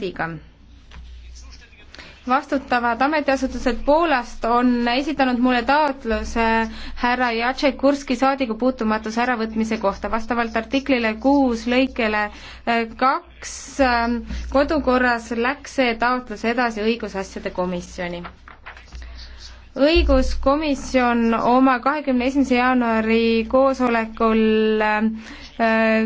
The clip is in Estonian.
Tiga. vastutavad ametiasutused Poolast on esitanud mulle taotluse härra Jacek Kurski saadikupuutumatuse äravõtmise kohta. vastavalt artiklile kuus lõikele äh, kaks ähm, kodukorras läks see taotlus edasi õigusasjade komisjoni õiguskomisjon oma kahekümne esimese jaanuari koosolekul äh, äh,